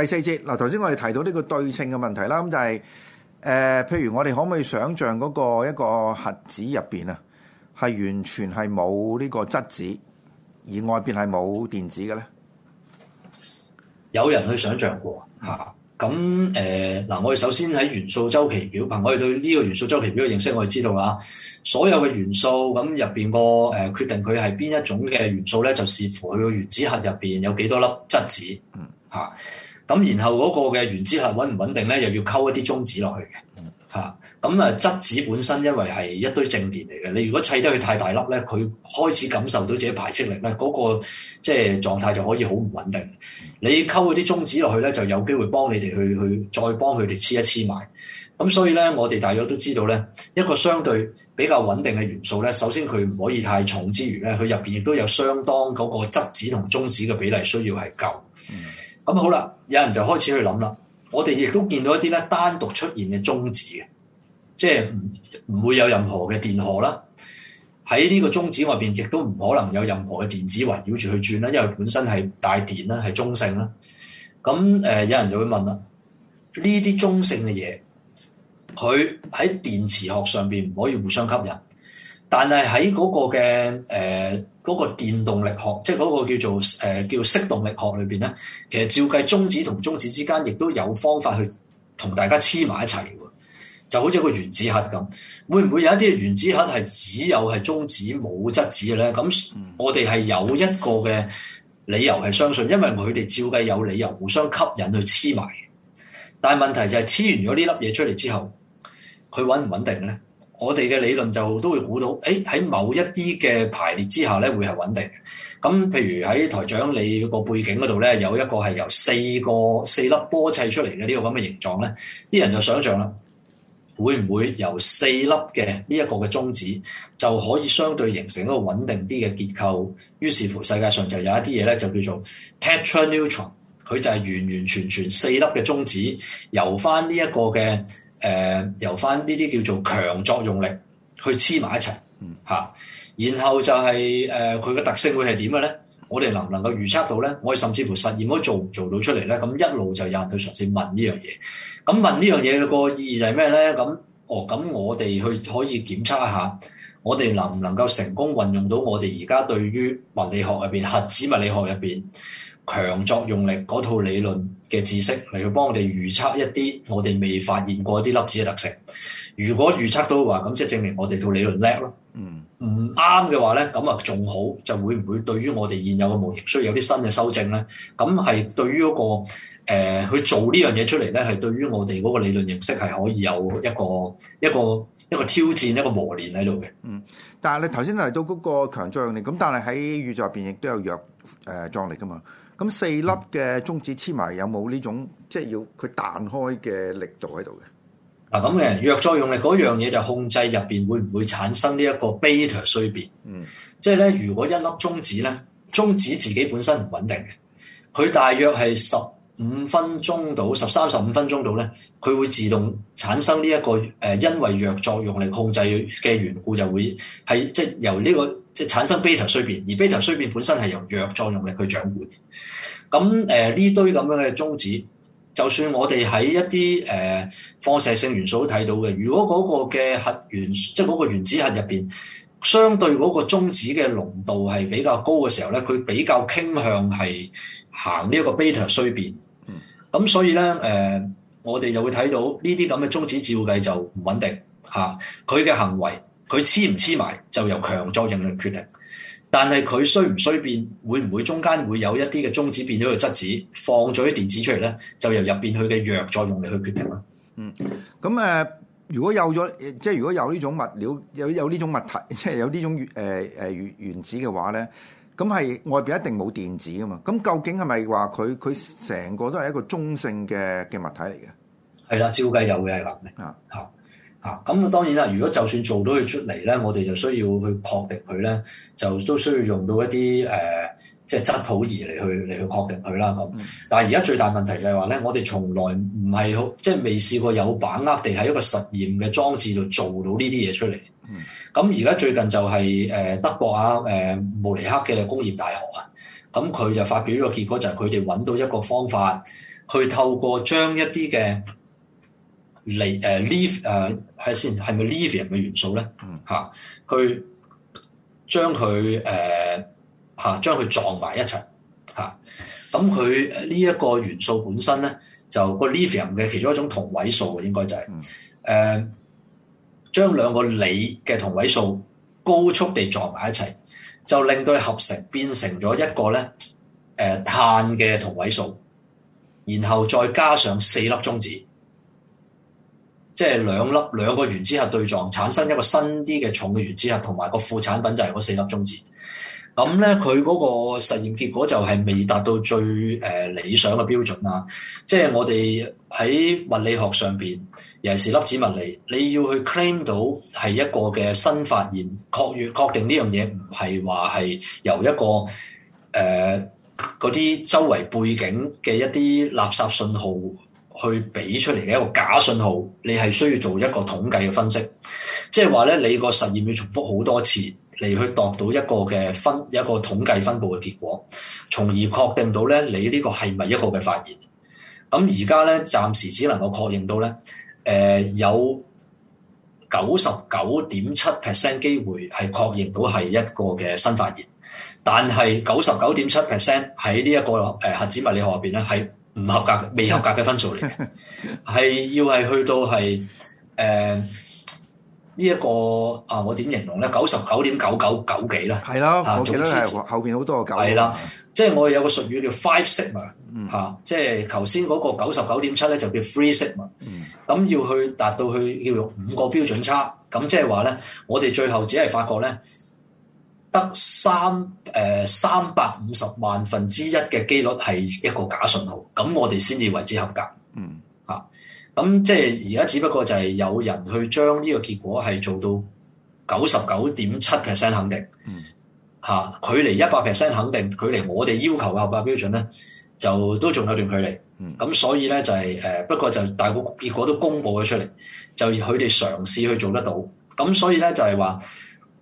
第四節。嗱，頭先我哋提到呢個對稱嘅問題啦，咁就係、是、誒、呃，譬如我哋可唔可以想象嗰個一個核子入邊啊，係完全係冇呢個質子，而外邊係冇電子嘅咧？有人去想象過吓，咁誒嗱，我哋首先喺元素週期表，憑我哋對呢個元素週期表嘅認識，我哋知道啊，所有嘅元素咁入邊個誒，決定佢係邊一種嘅元素咧，就視乎佢個原子核入邊有幾多粒質子吓。嗯嗯咁然後嗰個嘅原子核穩唔穩定咧，又要溝一啲中子落去嘅，嚇、啊。咁、嗯、啊、嗯嗯，質子本身因為係一堆正電嚟嘅，你如果砌得佢太大粒咧，佢開始感受到自己排斥力咧，嗰、嗰個即係狀態就可以好唔穩定。你溝嗰啲中子落去咧，就有機會幫你哋去去再幫佢哋黐一黐埋。咁、嗯、所以咧，我哋大約都知道咧，一個相對比較穩定嘅元素咧，首先佢唔可以太重之餘咧，佢入邊亦都有相當嗰個質子同中子嘅比例需要係夠。嗯。咁好啦，有人就開始去諗啦。我哋亦都見到一啲咧單獨出現嘅中子嘅，即係唔唔會有任何嘅電荷啦。喺呢個中子外邊，亦都唔可能有任何嘅電子圍繞住去轉啦，因為本身係帶電啦，係中性啦。咁誒，有人就會問啦，呢啲中性嘅嘢，佢喺電磁學上邊唔可以互相吸引，但係喺嗰個嘅誒，呃嗰個電動力學，即係嗰個叫做誒、呃、叫做色動力學裏邊咧，其實照計中子同中子之間亦都有方法去同大家黐埋一齊嘅，就好似一個原子核咁。會唔會有一啲原子核係只有係中子冇質子嘅咧？咁我哋係有一個嘅理由係相信，因為佢哋照計有理由互相吸引去黐埋。但係問題就係黐完咗呢粒嘢出嚟之後，佢穩唔穩定咧？我哋嘅理論就都會估到，誒喺某一啲嘅排列之下咧，會係穩定嘅。咁譬如喺台長你個背景嗰度咧，有一個係由四個四粒波砌出嚟嘅呢個咁嘅形狀咧，啲人就想像啦，會唔會由四粒嘅呢一個嘅中子就可以相對形成一個穩定啲嘅結構？於是乎世界上就有一啲嘢咧，就叫做 tetra neutron，佢就係完完全全四粒嘅中子由返呢一個嘅。誒、呃、由翻呢啲叫做強作用力去黐埋一齊，嚇、嗯啊，然後就係誒佢嘅特性會係點嘅咧？我哋能唔能夠預測到咧？我甚至乎實驗都做唔做到出嚟咧？咁一路就有人去嘗試問呢樣嘢。咁問呢樣嘢個意義係咩咧？咁哦，咁我哋去可以檢測一下，我哋能唔能夠成功運用到我哋而家對於物理學入邊、核子物理學入邊？強作用力嗰套理論嘅知識嚟去幫我哋預測一啲我哋未發現過一啲粒子嘅特性。如果預測到話，咁即係證明我哋套理論叻咯。嗯，唔啱嘅話咧，咁啊仲好，就會唔會對於我哋現有嘅模型需要有啲新嘅修正咧？咁係對於一、嗰個、呃、去做呢樣嘢出嚟咧，係對於我哋嗰個理論認識係可以有一個一個一個挑戰一個磨練喺度嘅。嗯，但係你頭先提到嗰個強作用力，咁但係喺宇宙入邊亦都有弱誒作用力噶嘛？咁四粒嘅中子黐埋有冇呢種即係要佢彈開嘅力度喺度嘅？嗱咁嘅弱作用力嗰樣嘢就控制入邊會唔會產生呢一個 beta 衰變？嗯，即係咧，如果一粒中子咧，中子自己本身唔穩定嘅，佢大約係十五分鐘到十三十五分鐘到咧，佢會自動產生呢、這、一個誒、呃，因為弱作用力控制嘅緣故就，就會係即係由呢、這個。即係產生 beta 衰變，而 beta 衰變本身係由弱作用力去掌管。咁誒呢堆咁樣嘅中子，就算我哋喺一啲誒、呃、放射性元素都睇到嘅。如果嗰個嘅核原，即係嗰個原子核入邊，相對嗰個中子嘅濃度係比較高嘅時候咧，佢比較傾向係行呢一個 beta 衰變。咁、嗯、所以咧誒、呃，我哋就會睇到呢啲咁嘅中子照計就唔穩定嚇，佢、啊、嘅行為。佢黐唔黐埋就由強作用力決定，但係佢衰唔衰變，會唔會中間會有一啲嘅中子變咗個質子，放咗啲電子出嚟咧，就由入邊佢嘅弱作用力去決定啦。嗯，咁誒、呃，如果有咗，即係如果有呢種物料，有有呢種物體，即係有呢種誒誒、呃呃、原子嘅話咧，咁係外邊一定冇電子噶嘛？咁究竟係咪話佢佢成個都係一個中性嘅嘅物體嚟嘅？係啦、嗯，照計就會係冧嘅。啊、嗯，好、嗯。嗯嗯。啊，咁啊當然啦！如果就算做到佢出嚟咧，我哋就需要去確定佢咧，就都需要用到一啲誒、呃，即係質譜儀嚟去嚟去確定佢啦。咁，但係而家最大問題就係話咧，我哋從來唔係好，即係未試過有把握地喺一個實驗嘅裝置度做到呢啲嘢出嚟。咁而家最近就係、是、誒、呃、德國啊誒慕、呃、尼黑嘅工業大學啊，咁佢就發表一個結果，就係佢哋揾到一個方法，去透過將一啲嘅鋰誒，leav 誒，睇下先，係咪 Lithium 嘅元素咧？吓、嗯啊，去將佢誒吓，將佢撞埋一齊吓。咁佢呢一個元素本身咧，就個 Lithium 嘅其中一種同位素。嘅，應該就係、是、誒、呃，將兩個鋰嘅同位素高速地撞埋一齊，就令到佢合成變成咗一個咧誒、呃、碳嘅同位素，然後再加上四粒中子。即係兩粒兩個原子核對撞，產生一個新啲嘅重嘅原子核，同埋個副產品就係嗰四粒中子。咁、嗯、咧，佢嗰個實驗結果就係未達到最誒、呃、理想嘅標準喇。即係我哋喺物理學上邊，尤其是粒子物理，你要去 claim 到係一個嘅新發現，確越確定呢樣嘢唔係話係由一個誒嗰啲周圍背景嘅一啲垃圾信號。去俾出嚟嘅一個假信號，你係需要做一個統計嘅分析，即係話咧，你個實驗要重複好多次，嚟去度到一個嘅分一個統計分布嘅結果，從而確定到咧你呢個係咪一個嘅發、嗯、現？咁而家咧暫時只能夠確認到咧，誒、呃、有九十九點七 percent 機會係確認到係一個嘅新發現，但係九十九點七 percent 喺呢一個誒、呃、核子物理學入邊咧係，唔合格嘅未合格嘅分數嚟嘅，係 要係去到係誒呢一個啊，我點形容咧？九十九點九九九幾咧？係啦，我哋咧係後邊好多個九的。係啦、嗯，即係我有個術語叫 five sigma，、嗯啊、即係頭先嗰個九十九點七咧就叫 three sigma。嗯，咁要去達到去要用五個標準差，咁即係話咧，我哋最後只係發覺咧。得三誒、呃、三百五十萬分之一嘅機率係一個假信號，咁我哋先至為之合格。嗯，嚇、啊，咁即係而家只不過就係有人去將呢個結果係做到九十九點七 percent 肯定。嗯，嚇、啊，距離一百 percent 肯定，距離我哋要求嘅合格標準咧，就都仲有段距離。嗯，咁、啊、所以咧就係、是、誒，不過就大個結果都公布咗出嚟，就佢哋嘗試去做得到。咁所以咧就係話。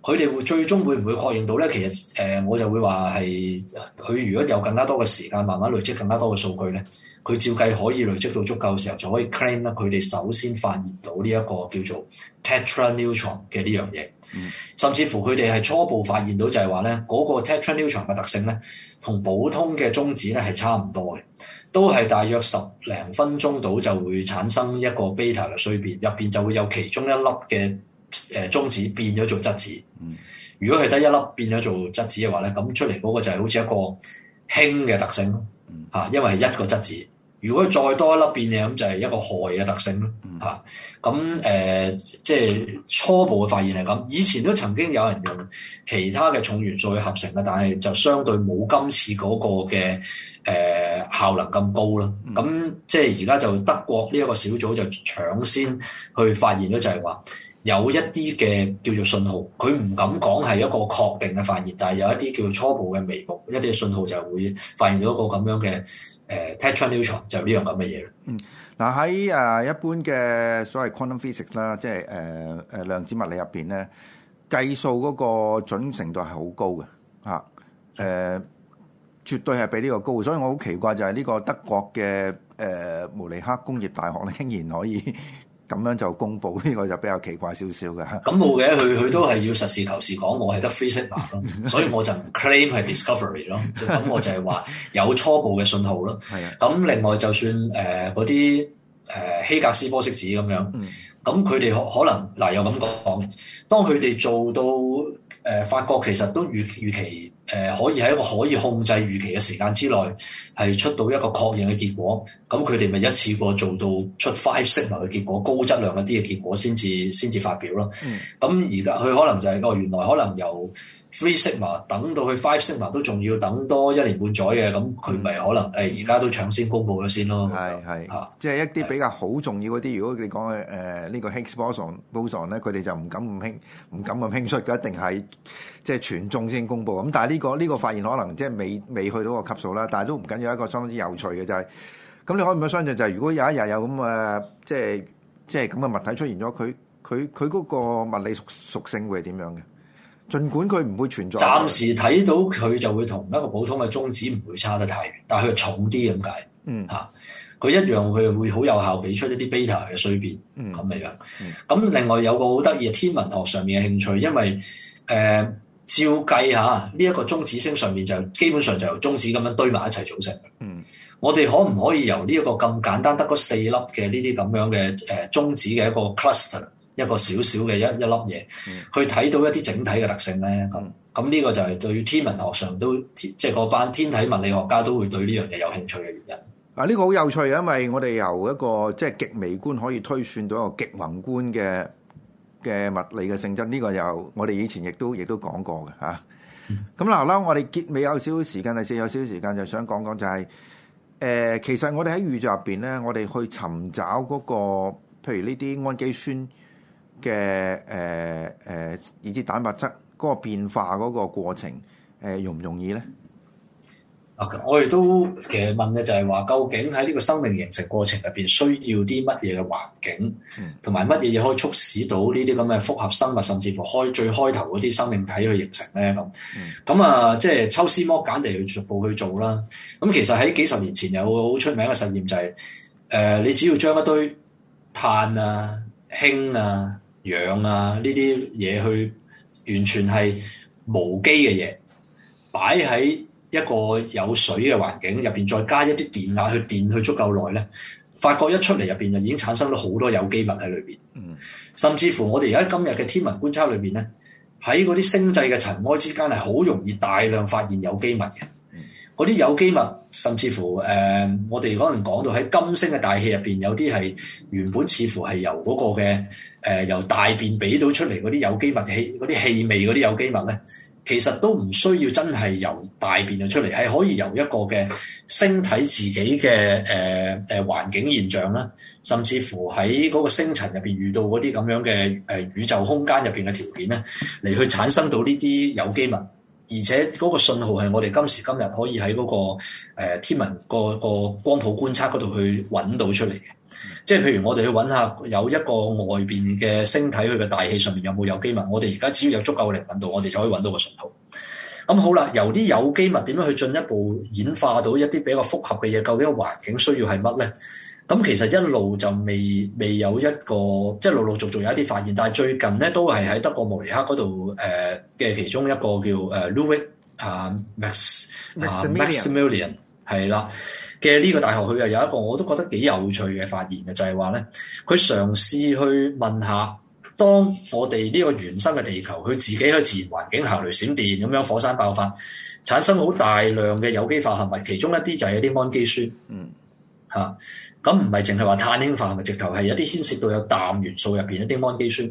佢哋會最終會唔會確認到咧？其實誒、呃，我就會話係佢如果有更加多嘅時間，慢慢累積更加多嘅數據咧，佢照計可以累積到足夠嘅時候，就可以 claim 啦。佢哋首先發現到呢一個叫做 tetraneutron 嘅呢樣嘢，嗯、甚至乎佢哋係初步發現到就係話咧，嗰、那個 tetraneutron 嘅特性咧，同普通嘅中子咧係差唔多嘅，都係大約十零分鐘度就會產生一個 beta 嘅衰變，入邊就會有其中一粒嘅。誒、呃、中子變咗做質子，如果係得一粒變咗做質子嘅話咧，咁出嚟嗰個就係好似一個氫嘅特性咯嚇、啊，因為係一個質子。如果再多一粒變嘅咁，就係一個氦嘅特性咯嚇。咁、啊、誒、呃，即係初步嘅發現係咁。以前都曾經有人用其他嘅重元素去合成嘅，但係就相對冇今次嗰個嘅誒、呃、效能咁高啦。咁即係而家就德國呢一個小組就搶先去發現咗，就係話。有一啲嘅叫做信號，佢唔敢講係一個確定嘅發現，但係有一啲叫做初步嘅眉目，一啲嘅信號就會發現到一個咁樣嘅誒 Tetra Neutron 就呢樣咁嘅嘢。嗯，嗱喺誒一般嘅所謂 quantum physics 啦、啊，即係誒誒量子物理入邊咧，計數嗰個準程度係好高嘅嚇，誒、啊啊、絕對係比呢個高，所以我好奇怪就係呢個德國嘅誒慕尼克工業大學咧，竟然可以。 咁樣就公布呢個就比較奇怪少少嘅。咁冇嘅，佢佢、嗯、都係要實事求是講，我係得 three sigma 所以我就唔 claim 係 discovery 咯。咁 我就係話有初步嘅信號咯。咁的另外就算誒嗰啲誒希格斯玻色子咁樣，咁佢哋可可能嗱又咁講，當佢哋做到誒發覺其實都預預期。誒、呃、可以喺一個可以控制預期嘅時間之內，係出到一個確認嘅結果，咁佢哋咪一次過做到出 five sigma，嘅結果，高質量一啲嘅結果先至先至發表咯。咁、嗯、而家，佢可能就係、是、哦、呃，原來可能有。Three sigma，sigma，等到去 five sigma，都仲要等多一年半載嘅，咁佢咪可能誒而家都搶先公布咗先咯。係係是、啊、即係一啲比較好重要嗰啲。是是如果你講誒呢個 Higgs boson boson 咧，佢哋就唔敢咁輕，唔敢咁輕出嘅，一定係即係全眾先公布。咁但係、這、呢個呢、這個發現可能即係未未去到個級數啦，但係都唔緊要。一個相當之有趣嘅就係、是，咁你可唔可以相信就係，如果有一日有咁嘅，即係即係咁嘅物體出現咗，佢佢佢嗰個物理屬屬性會係點樣嘅？儘管佢唔會存在，暫時睇到佢就會同一個普通嘅中子唔會差得太遠，但係佢重啲咁解。嗯，嚇，佢一樣佢會好有效俾出一啲 beta 嘅衰變咁嘅樣。咁、嗯、另外有個好得意嘅天文學上面嘅興趣，因為誒、呃、照計下呢一、這個中子星上面就基本上就由中子咁樣堆埋一齊組成。嗯，我哋可唔可以由呢、呃、一個咁簡單得嗰四粒嘅呢啲咁樣嘅誒中子嘅一個 cluster？一個少少嘅一一粒嘢，去睇到一啲整體嘅特性咧。咁咁呢個就係對天文學上都，即係班天體物理學家都會對呢樣嘢有興趣嘅原因。啊，呢個好有趣，因為我哋由一個即係極微觀可以推算到一個極宏觀嘅嘅物理嘅性質。呢個又我哋以前亦都亦都講過嘅嚇。咁嗱啦，我哋結尾有少少時間，第四有少少時間就想講講就係，誒，其實我哋喺宇宙入邊咧，我哋去尋找嗰個，譬如呢啲氨基酸。嘅誒誒，以至蛋白質嗰、那個變化嗰個過程，誒容唔容易咧？我亦都其實問嘅就係話，究竟喺呢個生命形成過程入邊，需要啲乜嘢嘅環境，同埋乜嘢嘢可以促使到呢啲咁嘅複合生物，甚至乎開最開頭嗰啲生命體去形成咧？咁咁、嗯、啊，即係抽絲剝繭嚟去逐步去做啦。咁其實喺幾十年前有個好出名嘅實驗、就是，就係誒你只要將一堆碳啊、氫啊，氧啊呢啲嘢，去完全係無機嘅嘢，擺喺一個有水嘅環境入邊，再加一啲電壓去電去足夠耐咧，發覺一出嚟入邊就已經產生咗好多有機物喺裏邊。甚至乎我哋而家今日嘅天文觀測裏邊咧，喺嗰啲星際嘅塵埃之間，係好容易大量發現有機物嘅。嗰啲有機物，甚至乎誒、呃，我哋可能講到喺金星嘅大氣入邊，有啲係原本似乎係由嗰個嘅誒、呃、由大便俾到出嚟嗰啲有機物氣，嗰啲氣味嗰啲有機物咧，其實都唔需要真係由大便嚟出嚟，係可以由一個嘅星體自己嘅誒誒環境現象啦，甚至乎喺嗰個星塵入邊遇到嗰啲咁樣嘅誒宇宙空間入邊嘅條件咧，嚟去產生到呢啲有機物。而且嗰個信號係我哋今時今日可以喺嗰、那個、呃、天文個個光譜觀察嗰度去揾到出嚟嘅，即係譬如我哋去揾下有一個外邊嘅星體佢嘅大氣上面有冇有機物，我哋而家只要有足夠嘅靈敏度，我哋就可以揾到個信號。咁、嗯、好啦，由啲有機物點樣去進一步演化到一啲比較複合嘅嘢，究竟個環境需要係乜咧？咁其實一路就未未有一個，即係陸陸續續有一啲發現，但係最近咧都係喺德國慕尼克嗰度誒嘅其中一個叫誒、呃、Louis 啊 Max Maximilian 係啦嘅呢個大學，佢又有一個我都覺得幾有趣嘅發現嘅，就係話咧，佢嘗試去問下，當我哋呢個原生嘅地球，佢自己去自然環境行雷閃電咁樣火山爆發，產生好大量嘅有機化合物，其中一啲就係一啲氨基酸，嗯。嚇，咁唔係淨係話碳氫化合物，直頭係一啲牽涉到有氮元素入邊一啲氨基酸。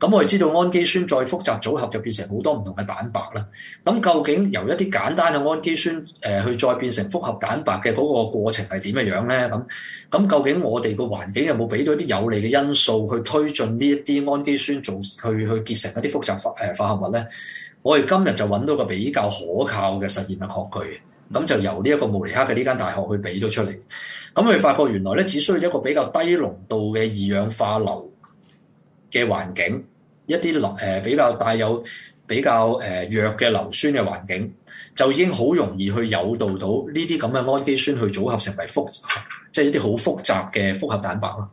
咁我哋知道氨基酸再複雜組合就變成好多唔同嘅蛋白啦。咁究竟由一啲簡單嘅氨基酸誒、呃、去再變成複合蛋白嘅嗰個過程係點嘅樣咧？咁咁究竟我哋個環境有冇俾到一啲有利嘅因素去推進呢一啲氨基酸做佢去，去結成一啲複雜化誒化合物咧？我哋今日就揾到個比較可靠嘅實驗嘅確據。咁就由呢一個慕尼黑嘅呢間大學去俾咗出嚟，咁佢發覺原來咧只需要一個比較低濃度嘅二氧化硫嘅環境，一啲硫誒比較帶有比較誒弱嘅硫酸嘅環境，就已經好容易去誘導到呢啲咁嘅氨基酸去組合成為複雜，即係一啲好複雜嘅複合蛋白咯。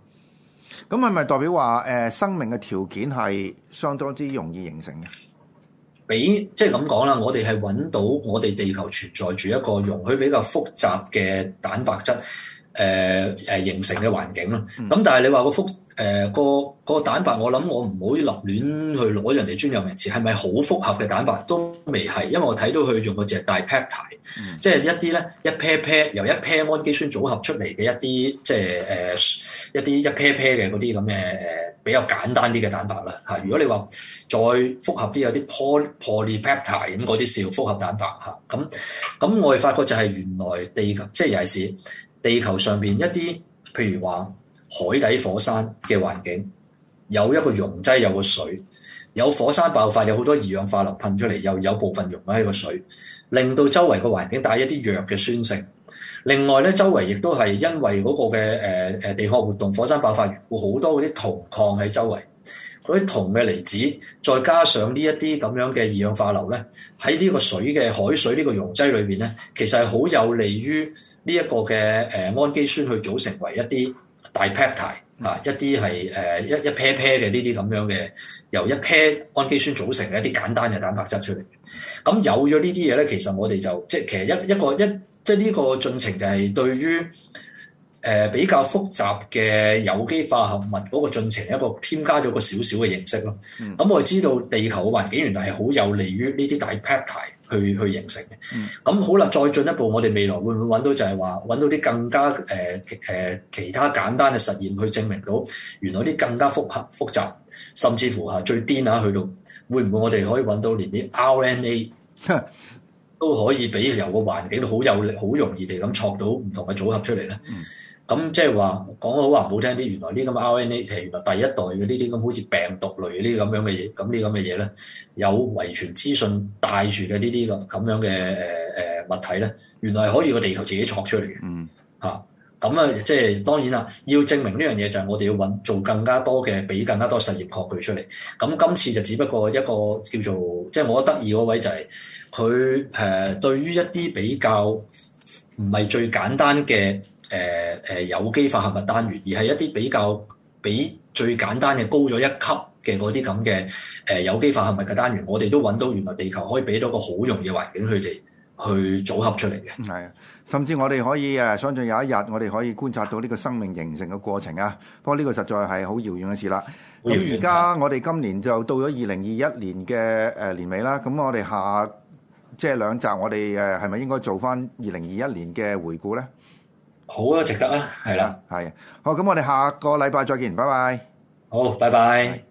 咁係咪代表話誒、呃、生命嘅條件係相當之容易形成嘅？俾即係咁講啦，我哋係揾到我哋地球存在住一個容許比較複雜嘅蛋白質，誒、呃、誒形成嘅環境咯。咁、嗯、但係你話個複誒個個蛋白，我諗我唔好立亂去攞人哋專有名詞，係咪好複合嘅蛋白都未係，因為我睇到佢用個隻大肽、嗯，即係一啲咧一 pair pair 由一 pair 氨基酸組合出嚟嘅一啲即係誒、呃、一啲一 pair pair 嘅嗰啲咁嘅誒。呃比較簡單啲嘅蛋白啦，嚇！如果你話再複合啲，有啲 poly polypeptide 咁嗰啲叫複合蛋白嚇。咁咁我哋發覺就係原來地球，即係尤其是地球上邊一啲，譬如話海底火山嘅環境，有一個溶劑有個水，有火山爆發，有好多二氧化碳噴出嚟，又有部分溶喺個水，令到周圍個環境帶一啲弱嘅酸性。另外咧，周圍亦都係因為嗰個嘅誒誒地殼活動、火山爆發，故好多嗰啲銅礦喺周圍。嗰啲銅嘅離子，再加上呢一啲咁樣嘅二氧化硫咧，喺呢個水嘅海水呢個溶劑裏邊咧，其實係好有利於呢一個嘅誒氨基酸去組成為一啲大肽肽啊，一啲係誒一一 pair 嘅呢啲咁樣嘅由一 pair 氨基酸組成嘅一啲簡單嘅蛋白質出嚟。咁有咗呢啲嘢咧，其實我哋就即係其實一一個一。一即係呢個進程就係對於誒、呃、比較複雜嘅有機化合物嗰個進程一個添加咗個少少嘅認識咯。咁、嗯、我哋知道地球嘅環境原來係好有利於呢啲大 peptide 去去形成嘅。咁、嗯、好啦，再進一步，我哋未來會唔會揾到就係話揾到啲更加誒誒、呃其，呃、其他簡單嘅實驗去證明到原來啲更加複合複雜，甚至乎嚇最癲嚇去到會唔會我哋可以揾到連啲 RNA？ 都可以俾由個環境好有力、好容易地咁篤到唔同嘅組合出嚟咧。咁、嗯、即係話講得好話唔好聽啲，原來呢咁嘅 RNA，譬如話第一代嘅呢啲咁，好似病毒類呢啲咁樣嘅嘢，咁呢咁嘅嘢咧，有遺傳資訊帶住嘅呢啲咁樣嘅誒誒物體咧，原來係可以個地球自己篤出嚟嘅。嗯，嚇、啊。咁啊，即係當然啦，要證明呢樣嘢就係我哋要揾做更加多嘅，俾更加多實驗數據出嚟。咁今次就只不過一個叫做，即係我覺得得意嗰位就係佢誒，對於一啲比較唔係最簡單嘅誒誒有機化合物單元，而係一啲比較比最簡單嘅高咗一級嘅嗰啲咁嘅誒有機化合物嘅單元，我哋都揾到原來地球可以俾到個好容易嘅環境佢哋，去組合出嚟嘅，係啊！甚至我哋可以誒，相信有一日我哋可以觀察到呢個生命形成嘅過程啊！不過呢個實在係好遙遠嘅事啦。咁而家我哋今年就到咗二零二一年嘅誒年尾啦。咁我哋下即係兩集，我哋誒係咪應該做返二零二一年嘅回顧咧？好啊，值得啊，係啦，係。好，咁我哋下個禮拜再見，拜拜。好，拜拜。